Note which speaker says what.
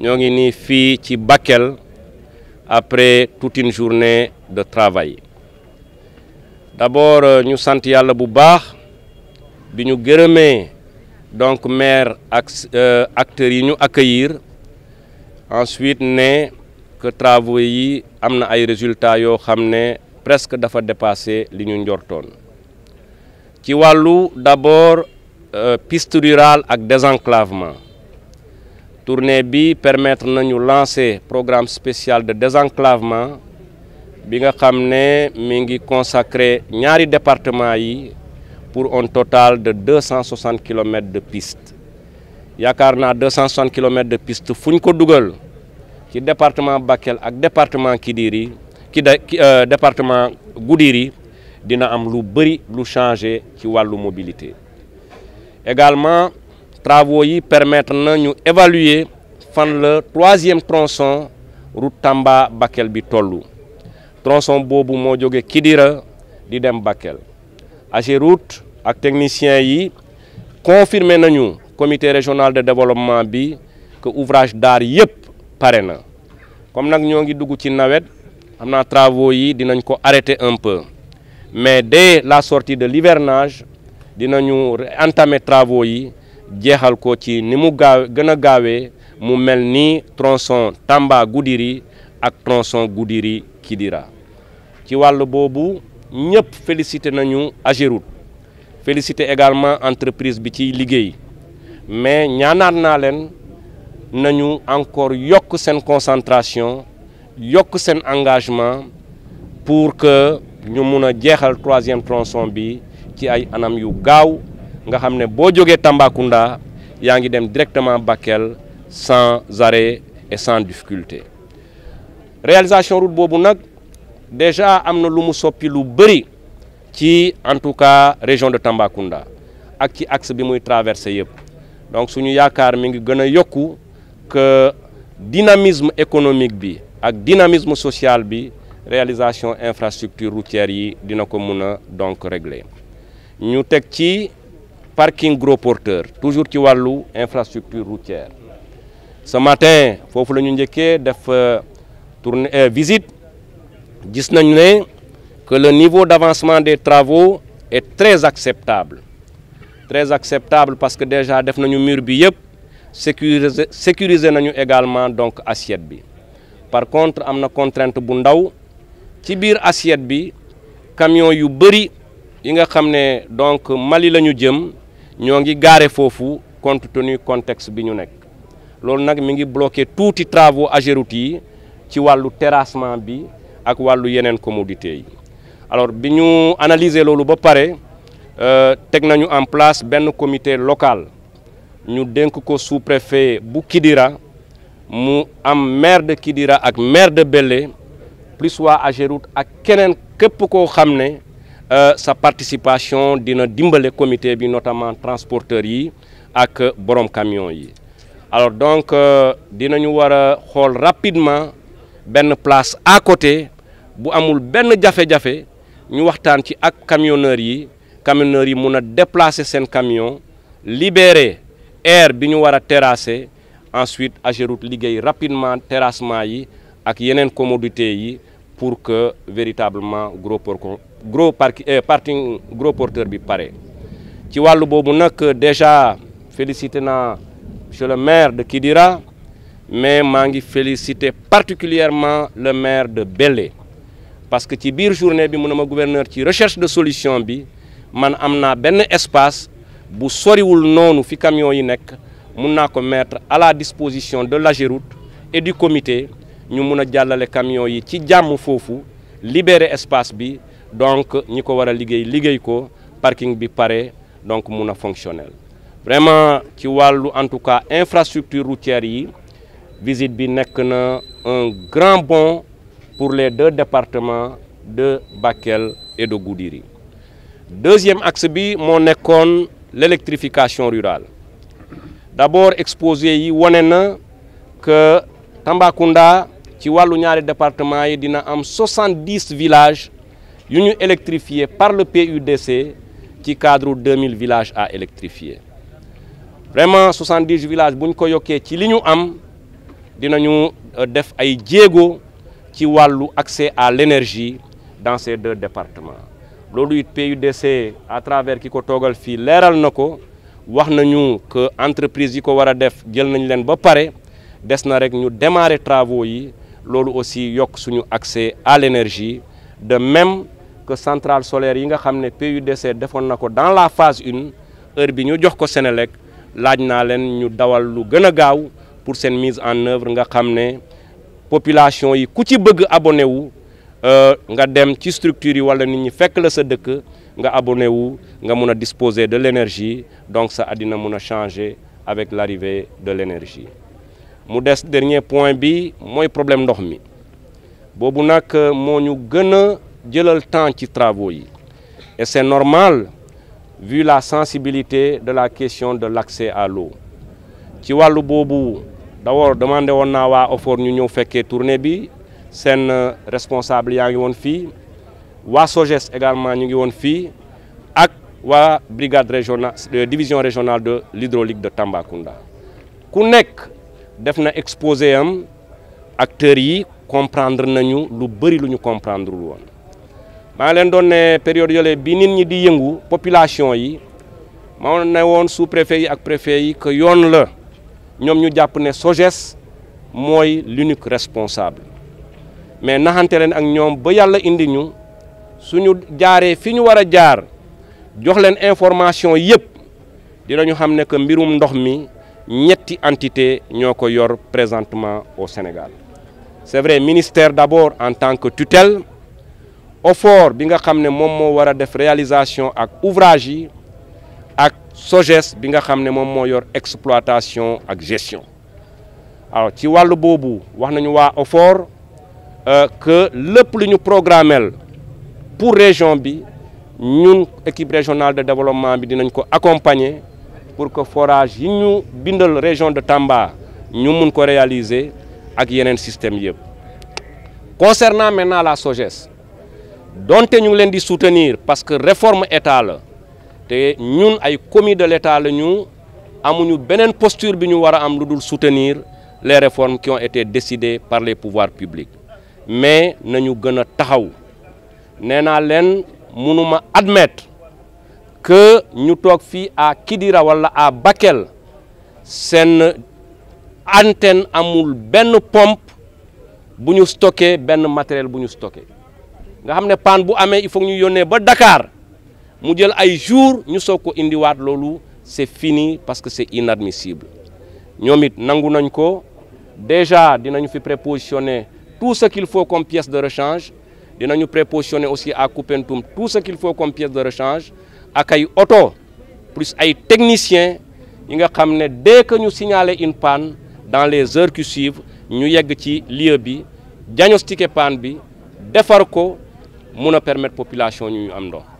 Speaker 1: Nous ngi ici à Bakel après toute une journée de travail d'abord nous euh, sentions Yalla bu baax nous ñu donc maire ak euh, accueillir ensuite ne que travaux yi des résultats yo presque dafa dépassé li ñu njortoon ci d'abord euh, piste rurale ak désenclavement tournée bi permettre de lancer programme spécial de désenclavement bi nga xamné département pour un total de 260 km de piste yakarna 260 km de piste qui ko département Bakel ak département euh, département Goudiri dina am lu lu mobilité également travaux yi permettre na ñu évaluer fan la troisième tronçon route Tamba Bakel bi tollu tronçon bobu mo jóge Kidira di dem Bakel route, ak techniciens yi confirmer nañu comité régional de développement bi que ouvrage d'art yep paré comme nous l'avons dit, dugg ci travaux yi dinañ un peu mais dès la sortie de l'hivernage dinañu entamer travaux qui ko ci ni mu gëna Tamba Goudiri ak tronçon Goudiri Kidira ci walu bobu ñëpp félicité nañu également entreprise bi mais encore concentration engagement pour que nous troisième tronçon bi ci ay anam yu nga xamné bo boo de Tambacounda yaa ngi dem directement Bakel sans arrêt et sans difficulté réalisation route bobu nak déjà amna na lu mu soppi lu Qui ci en tout cas région de Tambacounda ak ci axe bi muy traverser yépp donc suñu yaakaar mi ngi gën yokku que dynamisme économique bi ak dynamisme social bi réalisation infrastructure routière yi dina ko mëna réglée. donc régler ñu tek ci parking gros porteur toujours ci wàllu infrastructure routière ce matin il faut que nous def euh, euh, visite que le niveau d'avancement des travaux est très acceptable très acceptable parce que déjà nous nañu mur sécuriser également donc assiette par contre à une contrainte bu nous ci assiette camion yu bëri yi donc Mali nous le fofu fou compte tenu contexte bi ñu bloqué tous les mi ngi bloqué qui travaux à Gérouti, ci walu terrassement bi ak walu yenen commodité alors bi ñu analyser loolu ba pare euh, en place un comité local Nous dénk ko sous-préfet bu Kidira mu am maire de Kidira ak maire de Belé, plus à AGEROUTE ak ne kep pas xamné euh, sa participation dina dimbalé comité bi notamment transporteurs yi ak borom camion yi alors donc euh, dinañu wara xol rapidement ben place à côté bu amul ben jafé jafé ñu waxtaan ci ak camionneur yi camionneur yi mëna déplacer sen camions, libérer air bi ñu wara terrasser ensuite Ageroute liggéey rapidement terrassement yi ak yenen commodité yi pour que véritablement gros porc gros euh, parking gros porteur bi paré ci walu bobu nak déjà félicité na le maire de Kidira mais mangi féliciter particulièrement le maire de Belé... parce que ci biir journée bi mon gouverneur ci recherche de solution bi man amna ben espace bu soriwul noonu fi camion yi nek mettre à la disposition de la l'AGEROUTE et du comité ñu mun jallalé les camion yi ci jamm fofu libérer espace bi donc nous ko war ko parking bi donc mëna fonctionnel vraiment ci en tout cas infrastructure routière yi visite bi un grand bon pour les deux départements de Bakel et de Goudiri deuxième axe bi l'électrification rurale d'abord exposé yi que Tambacounda ci walu ñaari département yi dina am 70 villages nous ñu électrifié par le PUDC qui cadre 2000 villages à électrifier vraiment 70 villages si nous ko nous ci li am dinañu euh, def ay accès à l'énergie dans ces deux départements loolu le PUDC à travers Kiko ko toogal fii leeral nous wax que entreprise qui ko a def jël nañ leen ba les travaux yi aussi accès à l'énergie de même que centrale solaire yi nga xamné ne PUDC defoon na dans la phase 1 heure bi ñu jox ko Sénélec laaj naa leen ñu dawal lu gëna gaaw pour sen mise en œuvre nga xamné population yi ku ci bëgg abonné wu euh nga dem ci structure yi wala nit ñi fekk la sa dëkk nga abonné wu nga mëna disposer de l'énergie donc ça adina mëna changer avec l'arrivée de l'énergie mu dess dernier point bi moy problème ndox mi bobu nak euh, mo ñu gëna le temps qui travaille, et c'est normal vu la sensibilité de la question de l'accès à l'eau ci le bobo d'abord demandé woon nawa de OFOR ñu ñëw fekkee tournée bi euh, responsable yaa ngi une fille, wa SOGES également ñu ngi une fille ak wa brigade régionale euh, division régionale de l'hydraulique de Tambacounda ku nekk def na exposé am acteurs yi comprendre nañu lu bëri lu ñu comprendre woon maa donné période yoolee bi nit ñi di yëngu population yi ne woon sous préfet yi ak préfet yi que yoon la ñoom ñu jàpp ne SOGES l'unique responsable mais naxante leen ak ñoom ba yàlla indi ñu suñu jaaree fi ñu a jaar jox leen information yépp dinañu xam ne que mbirum ndox mi ñetti entité ñoo yor présentement au Sénégal c'est vrai ministère d'abord en tant que tutelle au bi nga xamné mom mo wara def réalisation ak ouvrage yi ak SOGES bi nga xamné mom mo yor exploitation ak gestion alors ci walu bobu wax nañu au OFOR euh, que lepp lu ñu programmel pour région bi ñun équipe régionale de développement bi dinañ ko accompagner pour que forage yi ñu bindal région de Tamba ñu mun ko réaliser ak un système yëpp concernant maintenant la SOGES donté ñu ngi leen soutenir parce que réforme état la té ñun ay commis de l'état la ñu amuñu benen posture bi ñu wara am soutenir les réformes qui ont été décidées par les pouvoirs publics mais nañu gëna taxaw néna naa leen mënuma admettre que ñu tok fi à Kidira wala à Bakel seen antenne amul benn pompe buñu stocker ben benn matériel buñu stocker nga xamné une panne bu avons il faut ñu yónnee ba Dakar mu jël ay jours ñu soko indi waat lolu c'est fini parce que c'est inadmissible Nous, it nangu nañ ko déjà dinañu fi prépositionner tout ce qu'il faut comme pièce de rechange dinañu prépositionner aussi à Coupentoum tout ce qu'il faut comme pièce de rechange ak ay Auto, plus ay techniciens yi nga xamné dès que ñu signaler une panne dans les heures qui suivent ñu yegg ci lieu bi diagnostiquer panne bi défar ko mun a permettre population ñu am ndox